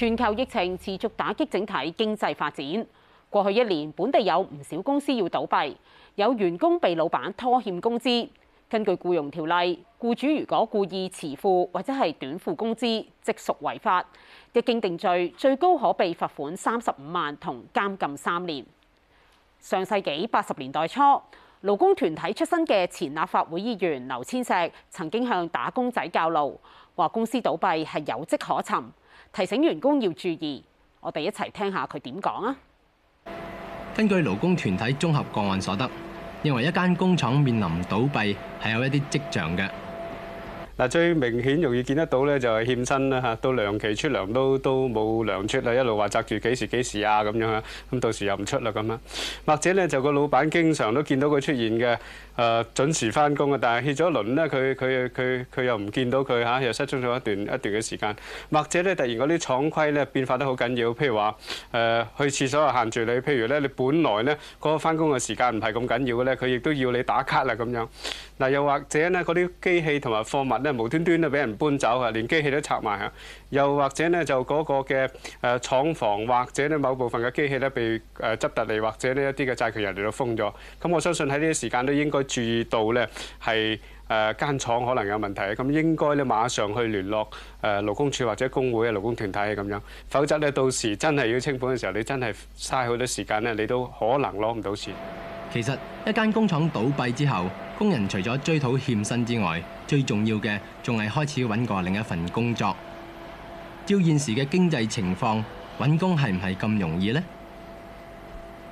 全球疫情持續打擊整體經濟發展。過去一年，本地有唔少公司要倒閉，有員工被老闆拖欠工資。根據僱傭條例，僱主如果故意遲付或者係短付工資，即屬違法，一經定罪，最高可被罰款三十五萬同監禁三年。上世紀八十年代初，勞工團體出身嘅前立法會議員劉千石曾經向打工仔教路，話公司倒閉係有跡可尋。提醒員工要注意，我哋一齊聽下佢點講啊！根據勞工團體綜合個案所得，認為一間工廠面臨倒閉係有一啲跡象嘅。嗱，最明顯容易見得到咧，就係欠薪啦嚇，到糧期出糧都都冇糧出啦，一路話紮住幾時幾時啊咁樣嚇，咁到時又唔出啦咁樣，或者咧就個老闆經常都見到佢出現嘅，誒準時翻工啊，但係欠咗一輪咧，佢佢佢佢又唔見到佢嚇，又失蹤咗一段一段嘅時間，或者咧突然嗰啲廠規咧變化得好緊要，譬如話誒去廁所啊限住你，譬如咧你本來咧個翻工嘅時間唔係咁緊要嘅咧，佢亦都要你打卡啦咁樣，嗱又或者咧嗰啲機器同埋貨物咧。無端端都俾人搬走啊！連機器都拆埋啊！又或者咧，就嗰個嘅誒廠房，或者咧某部分嘅機器咧，被誒執突嚟，或者咧一啲嘅債權人嚟到封咗。咁我相信喺呢啲時間都應該注意到咧，係誒間廠可能有問題。咁應該咧馬上去聯絡誒勞工處或者工會啊、勞工團體啊咁樣，否則咧到時真係要清盤嘅時候，你真係嘥好多時間咧，你都可能攞唔到錢。其實一間工廠倒閉之後，工人除咗追討欠薪之外，最重要嘅仲係開始揾過另一份工作。照現時嘅經濟情況，揾工係唔係咁容易呢？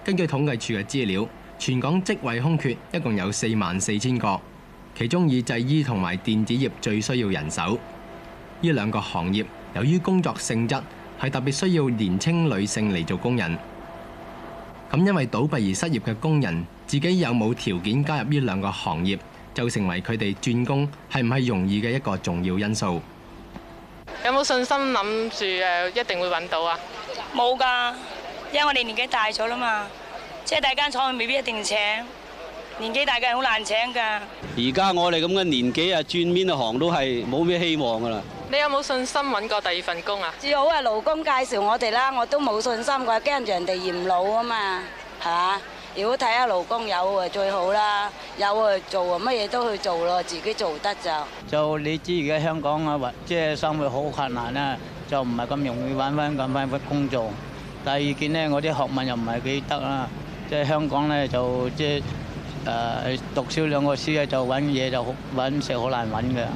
根據統計處嘅資料，全港職位空缺一共有四萬四千個，其中以製衣同埋電子業最需要人手。呢兩個行業由於工作性質，係特別需要年青女性嚟做工人。咁因為倒閉而失業嘅工人，自己有冇條件加入呢兩個行業，就成為佢哋轉工係唔係容易嘅一個重要因素。有冇信心諗住誒，一定會搵到啊？冇噶，因為我哋年紀大咗啦嘛，即係大間廠未必一定請年紀大嘅人，好難請噶。而家我哋咁嘅年紀啊，轉邊個行都係冇咩希望噶啦。你有冇信心揾過第二份工啊？最好係勞工介紹我哋啦，我都冇信心嘅，驚住人哋嫌老啊嘛，係嘛？如果睇下勞工有啊，最好啦，有啊做啊，乜嘢都去做咯，自己做得就。就你知而家香港啊，即係生活好困難啦，就唔係咁容易揾翻咁翻份工作。第二件咧，我啲學問又唔係幾得啦，即係香港咧就即係誒讀少兩個書啊，就揾嘢就好揾食好難揾㗎。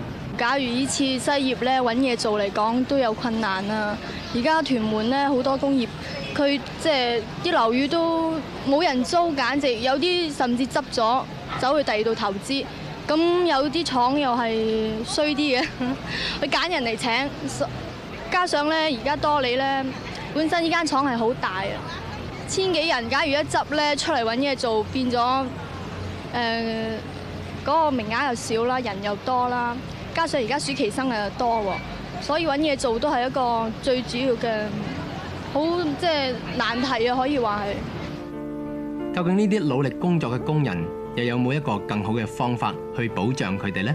假如依次失業咧，揾嘢做嚟講都有困難啊！而家屯門咧，好多工業，佢即係啲樓宇都冇人租，簡直有啲甚至執咗走去第二度投資。咁有啲廠又係衰啲嘅，佢揀人嚟請，加上咧而家多你咧，本身依間廠係好大啊，千幾人。假如一執咧，出嚟揾嘢做，變咗誒嗰個名額又少啦，人又多啦。加上而家暑期生又多，所以揾嘢做都係一個最主要嘅好即係難題啊！可以話係。究竟呢啲努力工作嘅工人又有冇一個更好嘅方法去保障佢哋咧？